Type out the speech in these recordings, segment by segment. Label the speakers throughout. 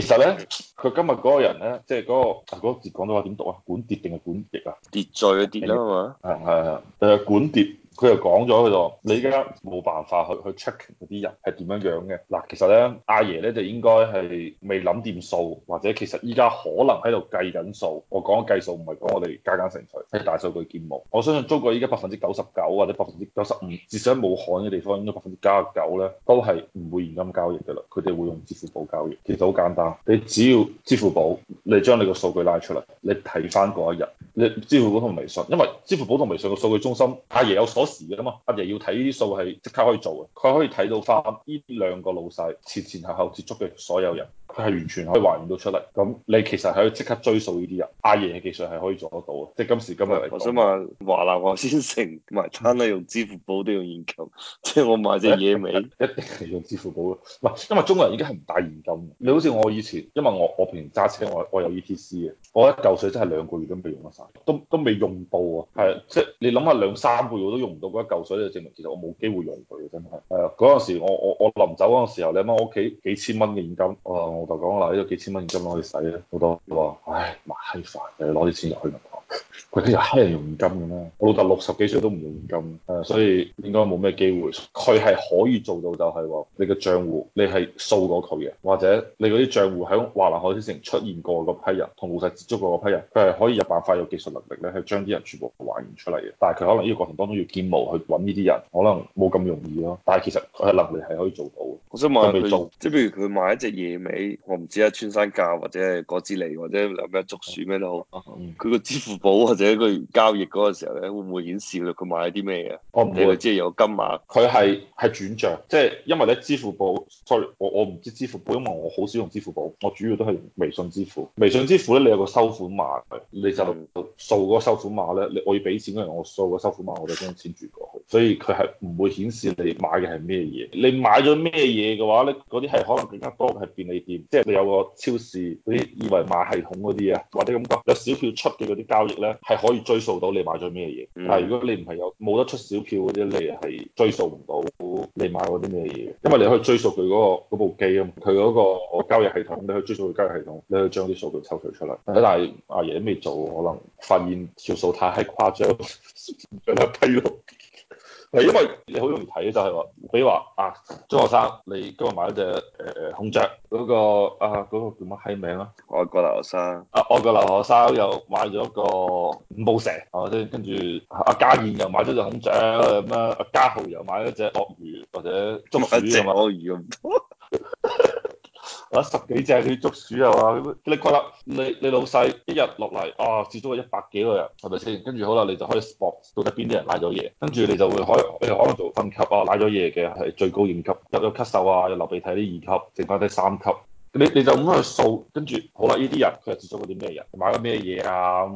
Speaker 1: 其實咧，佢今日嗰個人咧，即係嗰個嗰個字講到話點讀啊？管跌定係管跌啊？跌在啊跌啦係係係，係誒管跌。跌佢又講咗佢話：就就你而家冇辦法去去 check 嗰啲人係點樣樣嘅。嗱，其實咧，阿爺咧就應該係未諗掂數，或者其實依家可能喺度計緊數。我講嘅計數唔係講我哋加減乘除，係大數據建模。我相信中國依家百分之九十九或者百分之九十五，至少喺武漢嘅地方，應該百分之九十九咧都係唔會現金交易㗎啦。佢哋會用支付寶交易。其實好簡單，你只要支付寶，你將你個數據拉出嚟，你睇翻嗰一日，你支付寶同微信，因為支付寶同微信嘅數據中心，阿爺有所。時嘅嘛，阿爺要睇呢啲數係即刻可以做嘅，佢可以睇到翻呢兩個老細前前後後接觸嘅所有人。佢係完全可以還唔到出嚟，咁你其實係即刻追溯呢啲人，阿爺嘅技術係可以做得到嘅，即係今時今日嚟講。我想問華南華先成埋單係用支付寶都要現金？即係我買隻野味一定係用支付寶咯，唔係因為中國人已經係唔帶現金。你好似我以前，因為我我平時揸車，我我有 E T C 嘅，我一嚿水真係兩個月都未用得晒，都都未用到啊。係，即係你諗下，兩三個月我都用唔到嗰一嚿水，就證明其實我冇機會用佢嘅，真係。係啊，嗰陣時我我我，我臨走嗰陣時候，你諗我屋企幾千蚊嘅現金，我。我我就講嗱，呢度幾千蚊現金攞去使咧，好多喎。唉，麻閪煩，又要攞啲錢入去銀行。佢哋又黑人用現金嘅咩？我老豆六十幾歲都唔用現金，誒，所以應該冇咩機會。佢係可以做到就係話，你個賬戶你係掃過佢嘅，或者你嗰啲賬戶喺華南海鮮城出現過嗰批人，同老曬接觸過嗰批人，佢係可以有辦法有技術能力咧，係將啲人全部還原出嚟嘅。但係佢可能呢個過程當中要建模去揾呢啲人，可能冇咁容易咯。但係其實佢嘅能力係可以做到。我想問佢，即
Speaker 2: 係譬如佢買一隻野味，我唔知啊，穿山甲或者係果子狸或者係咩竹鼠咩都好，佢個、嗯、支付寶。或者佢
Speaker 1: 交易嗰個時候咧，會唔會顯示佢佢買啲咩嘢？我唔會即係有金額，佢係係轉賬，即係因為咧支付寶，sorry，我我唔知支付寶，因為我好少用支付寶，我主要都係用微信支付。微信支付咧，你有個收款碼，你就掃個收款碼咧，你我要俾錢，嗰陣，我掃個收款碼，我就將錢轉過去。所以佢係唔會顯示你買嘅係咩嘢，你買咗咩嘢嘅話咧，嗰啲係可能更加多係便利店，即係你有個超市嗰啲二維碼系統嗰啲啊，或者咁講，有小票出嘅嗰啲交易咧係可以追溯到你買咗咩嘢。但係如果你唔係有冇得出小票嗰啲，你係追溯唔到你買嗰啲咩嘢，因為你可以追溯佢嗰個嗰部機啊嘛，佢嗰個交易系統，你可以追溯佢交易系統，你可以將啲數據抽取出嚟。但係阿爺都未做，可能發現條數太係誇張得滯囉。係，因為你好容易睇啊，就係、是、話，比如話啊，中學生你今日買咗隻誒誒孔雀，嗰、那個啊、那個叫乜閪名啊？外國留學生啊，外國留學生又買咗個五步蛇，係、啊、咪、就是、跟住阿、啊、家燕又買咗隻孔雀，啊，阿家豪又買咗隻鱷魚，或者捉唔到魚啊嘛，鱷魚咁。 十幾隻去捉鼠又話你覺得你你老細一日落嚟啊，接觸係一百幾個人係咪先？跟住好啦，你就可以 spot r 到底邊啲人買咗嘢，跟住你就會可以你可能做分級啊，買咗嘢嘅係最高認級，入咗咳嗽啊，又流鼻涕啲二級，剩翻啲三級。你你就咁去掃，跟住好啦，呢啲人佢又接觸嗰啲咩人買咗咩嘢啊？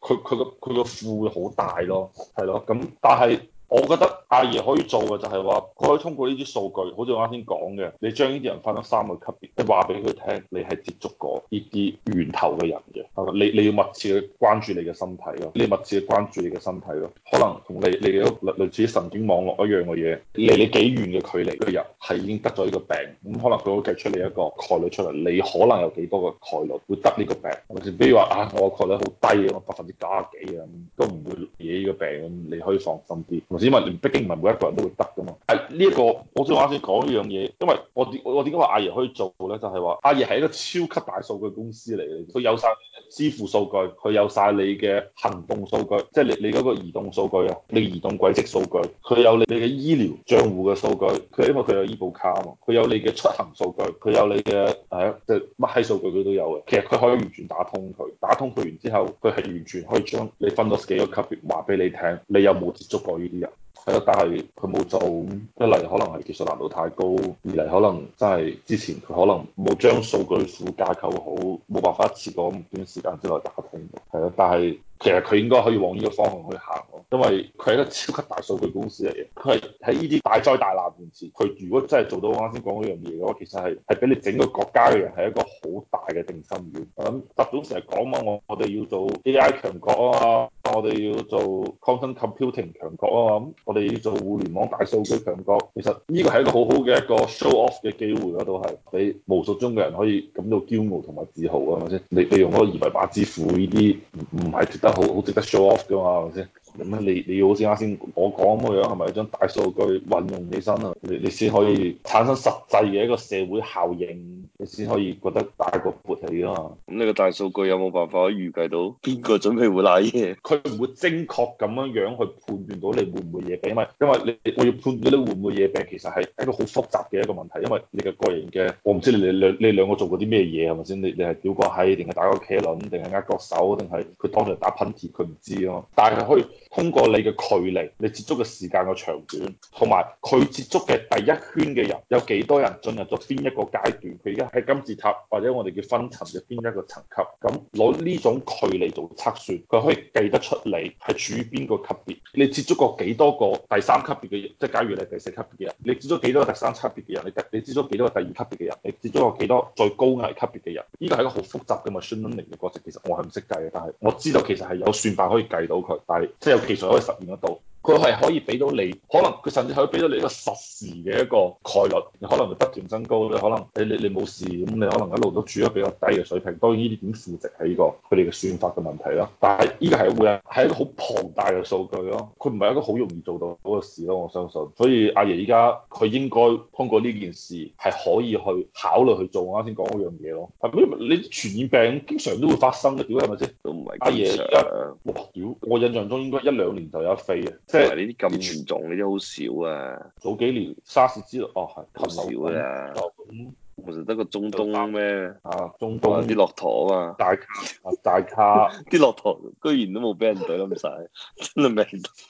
Speaker 1: 佢佢個佢個庫好大咯，係咯咁，但係。我覺得阿爺可以做嘅就係話，佢可以通過呢啲數據，好似我啱先講嘅，你將呢啲人分咗三個級別，即話俾佢聽，你係接觸過呢啲源頭嘅人嘅，你你要密切關注你嘅身體咯，你要密切關注你嘅身體咯。可能同你你都類似啲神經網絡一樣嘅嘢，離你幾遠嘅距離嘅人係已經得咗呢個病，咁可能佢會計出你一個概率出嚟，你可能有幾多個概率會得呢個病？好似比如話啊、哎，我嘅概率好低啊，我百分之九十幾啊，都唔會。你嘅病你可以放心啲，同埋因為畢竟唔係每一個人都會得㗎嘛。係呢一個，我先打算講一樣嘢，因為我我點解話阿爺可以做咧，就係、是、話阿爺係一個超級大數據公司嚟嘅，佢有曬支付數據，佢有晒你嘅行動數據，即係你你嗰個移動數據啊，你移動軌跡數據，佢有你你嘅醫療賬戶嘅數據，佢因為佢有醫保卡啊嘛，佢有你嘅出行數據，佢有你嘅係就乜閪數據佢都有嘅，其實佢可以完全打通佢，打通佢完之後，佢係完全可以將你分到幾個級別話俾你聽，你有冇接觸過呢啲人？係咯，但係佢冇做。一嚟可能係技術難度太高，二嚟可能真係之前佢可能冇將數據庫架構好，冇辦法一次過咁短時間之內打通。係咯，但係其實佢應該可以往呢個方向去行咯，因為佢係一個超級大數據公司嚟嘅，佢係喺呢啲大災大難。佢如果真係做到我啱先講嗰樣嘢嘅話，其實係係俾你整個國家嘅人係一個好大嘅定心丸。嗯。我諗習總成日講啊，我我哋要做 AI 強國啊，我哋要做 Content Computing 強國啊，咁我哋要做互聯網大數據強國。其實呢，這個係一個好好嘅一個 show off 嘅機會咯，啊，都係俾無數中嘅人可以感到驕傲同埋自豪啊咪先。你你用嗰個二維碼支付呢啲唔唔係值得好，好值得 show off 嘅嘛咪先？是你你要好似啱先我講咁個樣，係咪將大數據運用起身啊？你你先可以產生實際嘅一個社會效應。你先可以覺得大個
Speaker 2: 勃起啊嘛！咁呢個大數據有冇辦法可以預計到邊個準備會賴嘢？佢唔會
Speaker 1: 精確咁樣樣去判斷到你會唔會惹病，因為因為你我要判斷你會唔會惹病，其實係一個好複雜嘅一個問題，因為你嘅個人嘅，我唔知你你兩你兩個做過啲咩嘢係咪先？你你係表哥喺定係打個茄輪，定係握個手，定係佢當時打噴嚏佢唔知啊嘛。但係佢可以通過你嘅距離、你接觸嘅時間嘅長短，同埋佢接觸嘅第一圈嘅人有幾多人進入咗邊一個階段，佢而家。喺金字塔或者我哋叫分層入邊一個層級，咁攞呢種距離做測算，佢可以計得出你係處於邊個級別。你接觸過幾多個第三級別嘅人？即係假如你係第四級別嘅人，你接觸幾多個第三級別嘅人？你你接觸幾多個第二級別嘅人？你接觸過幾多，過多，過多最高危級別嘅人？呢個係一個好複雜嘅 machine learning 嚟嘅角色，其實我係唔識計嘅，但係我知道其實係有算法可以計到佢，但係即係有技術可以實現得到。佢係可以俾到你，可能佢甚至可以俾到你一個實時嘅一個概率，你可能係不斷增高，你可能你你你冇事，咁你可能一路都處於比較低嘅水平。當然呢啲點估值係呢個佢哋嘅算法嘅問題啦。但係呢個係會係一個好龐大嘅數據咯，佢唔係一個好容易做到嘅事咯。我相信，所以阿爺依家佢應該通過呢件事係可以去考慮去做我啱先講嗰樣嘢咯。咁你傳染病經常都會發生嘅，屌係咪先？都唔係阿爺依家，哇屌！我印象中應該一兩年就有一飛嘅。即係呢啲咁嚴重嘅都好少啊！早幾年沙士之類，哦係，好少㗎、啊。嗯其實得個中東咩？啊，中東啲駱駝啊大卡啊大卡，啲駱駝居然都冇俾人懟得唔使，真係咩？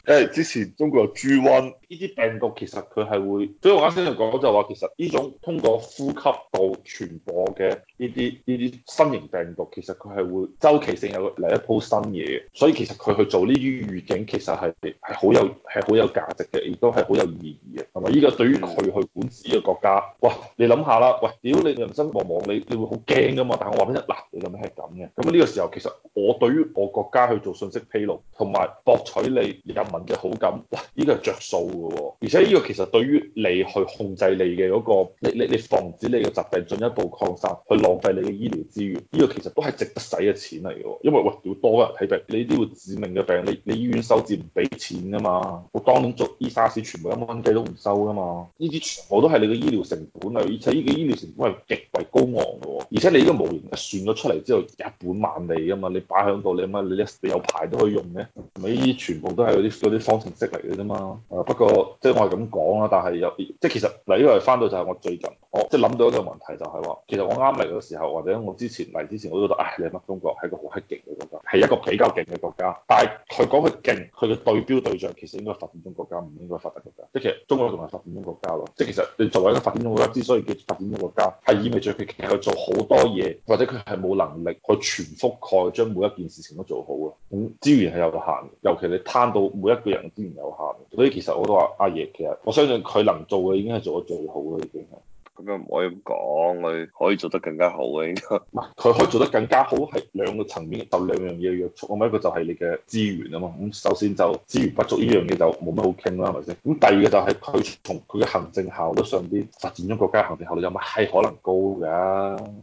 Speaker 1: 誒、 啊， 之前中國有豬瘟，呢啲病毒其實佢係會，所以我啱先就講就話，其實呢種通過呼吸道傳播嘅呢啲呢啲新型病毒，其實佢係會周期性係會嚟一波新嘢，所以其實佢去做呢啲預警，其實係係好有係好有價值嘅，亦都係好有意義。係咪呢個對於佢去管治呢嘅國家？哇！你諗下啦，喂，屌你人生茫茫，你，你會好驚噶嘛？但係我話俾你聽，嗱，你諗係咁嘅。咁、這、呢個時候其實我對於我國家去做信息披露，同埋博取你人民嘅好感，哇！依、這個係着數嘅喎。而且呢個其實對於你去控制你嘅嗰、那個，你你你防止你嘅疾病進一步擴散，去浪費你嘅醫療資源，呢、這個其實都係值得使嘅錢嚟嘅。因為喂，屌多人睇病，你啲會、這個、致命嘅病，你你醫院收治唔俾錢㗎嘛？我當中做醫紗士，ars, 全部一蚊雞都～收噶嘛？呢啲全部都係你嘅醫療成本啊，而且呢個醫療成本係極為高昂嘅喎。而且你呢個模型算咗出嚟之後，一本萬利啊嘛！你擺喺度，你乜你有排都可以用嘅。咪呢啲全部都係嗰啲啲方程式嚟嘅啫嘛。不過即係我係咁講啊，但係有即係其實呢個係翻到就係我最近我即係諗到一個問題，就是，就係話其實我啱嚟嘅時候或者我之前嚟之前我都覺得，唉、哎，你乜中國，係個好黑勁嘅係一個比較勁嘅國家，但係佢講佢勁，佢嘅對標對象其實應該係發展中國家，唔應該係發達國家。即係其實中國仲係發展中國家咯。即係其實你作為一個發展中國家，之所以叫發展中國家，係意味著佢其實做好多嘢，或者佢係冇能力去全覆蓋將每一件事情都做好咯。咁資源係有個限，尤其你攤到每一個人資源有限，所以其實我都話阿爺其實我相信佢能做嘅已經係做到最好啦，已經係。咁又唔可以咁講，佢可以做得更加好嘅。佢可以做得更加好係兩個層面，有兩樣嘢約束我，咪一個就係你嘅資源啊嘛。咁首先就資源不足呢樣嘢就冇乜好傾啦，係咪先？咁第二個就係佢從佢嘅行政效率上邊，發展咗國家行政效率有乜係可能高㗎？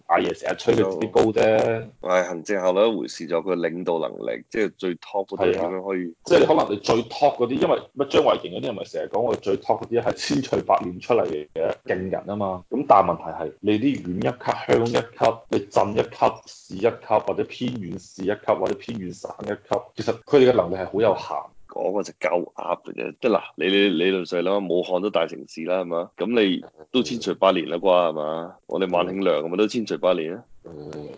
Speaker 1: 阿爺成日吹佢自己
Speaker 2: 高啫。的行政效率一回事，就佢領導能力，即係最 top 嗰啲的可以。
Speaker 1: 即係可能你最 top 嗰啲，因為乜張華強嗰啲人，咪成日講我最 top 嗰啲係千錘百煉出嚟嘅勁人啊嘛。咁但係問題係，你啲縣一級、鄉一級、你鎮一級、市一級，或者偏遠市一級，或者偏遠省一級，其實佢哋嘅能力係好有限。
Speaker 2: 講個只鳩噏嘅啫，即係嗱，你你理論上啦，武漢都大城市啦，係嘛？咁你都千除百年啦啩，係嘛？我哋萬慶良咁都千除百年啊。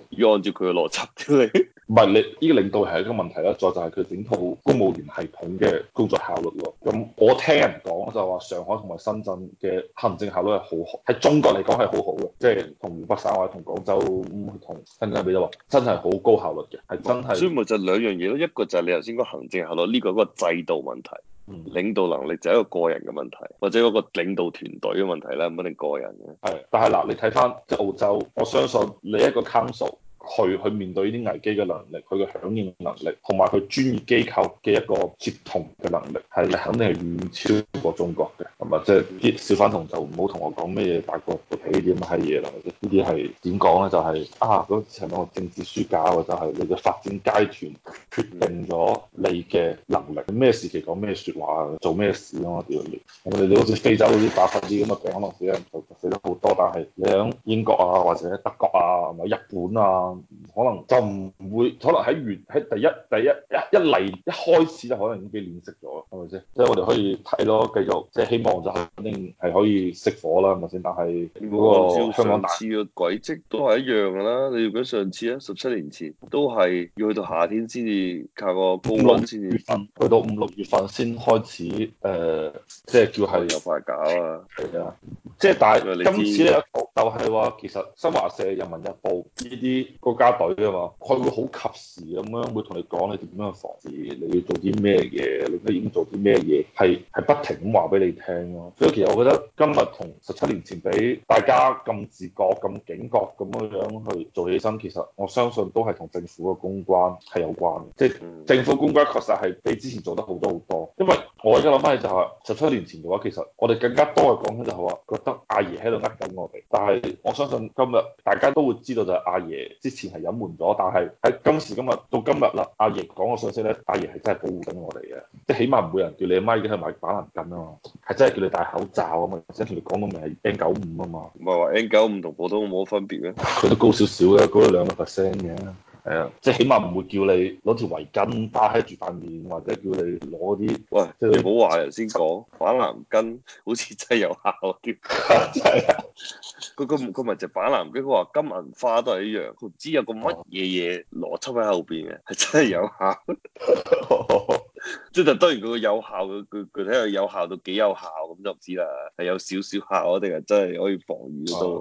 Speaker 2: 要按照佢嘅邏
Speaker 1: 輯，唔係呢個領導係一個問題啦，再就係佢整套公務員系統嘅工作效率喎。咁我聽人講就話、是、上海同埋深圳嘅行政效率係好喎，喺中國嚟講係好好嘅，即係同湖北省或者同廣州、唔同深圳比就話真係好高效率嘅，係真係。所以
Speaker 2: 咪就兩樣嘢咯，一個就係你頭先講行政效率呢、這個嗰個制度問題，領導能力就係一個個人嘅問題，或者嗰個領導團
Speaker 1: 隊嘅問題啦，唔一定個人嘅。係，但係嗱，你睇翻即澳洲，我相信你一個 council。佢去面對呢啲危機嘅能力，佢嘅響應能力，同埋佢專業機構嘅一個協同嘅能力，係肯定係遠超過中國嘅。或者啲小粉紅就唔好同我講咩嘢，大國崛起啲乜嘅閪嘢啦。呢啲係點講咧？就係、是、啊，嗰時係咪我政治書架，嘅？就係、是、你嘅發展階段決定咗你嘅能力。咩時期講咩説話，做咩事咯。屌你！我哋好似非洲嗰啲百分啲咁啊，病可能死人就死得好多。但係你喺英國啊，或者德國啊，或者日本啊。可能就唔會，可能喺月喺第一第一一一嚟一開始就可能已經被練食咗，係咪先？即係我哋可以睇咯，繼續即係希望就肯定係可以熄火啦，係咪先？但係嗰個香港大次
Speaker 2: 嘅軌跡都係一樣㗎啦。你講上次啊，十七年前都係要去到夏天先至靠個高溫先，至
Speaker 1: 六月份去到五六月份先開始誒，即係叫係有快搞啦，係啊。即係，但係今次咧，就係話其實新華社、人民日報呢啲國家隊啊嘛，佢會好及時咁樣會同你講你點樣防止，你要做啲咩嘢，你都已經做啲咩嘢，係係不停咁話俾你聽咯。所以其實我覺得今日同十七年前比，大家咁自覺、咁警覺咁樣樣去做起身，其實我相信都係同政府嘅公關係有關嘅。即係政府公關確實係比之前做得好多好多。因為我而家諗翻起就係十七年前嘅話，其實我哋更加多嘅講緊就係話阿爺喺度呃緊我哋，但係我相信今日大家都會知道就係阿爺之前係隱瞞咗，但係喺今時今日到今日啦，阿爺講嘅信息咧，阿爺係真係保護緊我哋嘅，即係起碼唔會人叫你阿媽已經去買板藍根啊嘛，係真係叫你戴口罩啊嘛，而且同你講到明係 N 九五啊嘛，唔係話 N 九五同普通冇乜分別嘅，佢都高少少嘅，高咗兩個 percent 嘅。係啊，即係 起碼唔會叫你攞條圍巾包喺住塊面，或者叫你攞啲喂。你唔好話頭先講
Speaker 2: 板藍根，好似真有效添。佢佢佢唔係就板藍根，佢話金銀花都係一樣。佢唔知有個乜嘢嘢邏輯喺後邊嘅，係真係有， 有效。即係當然佢個有效嘅，佢佢睇下有效到幾有效咁就唔知啦。係有少少效，定係真係可以防禦到。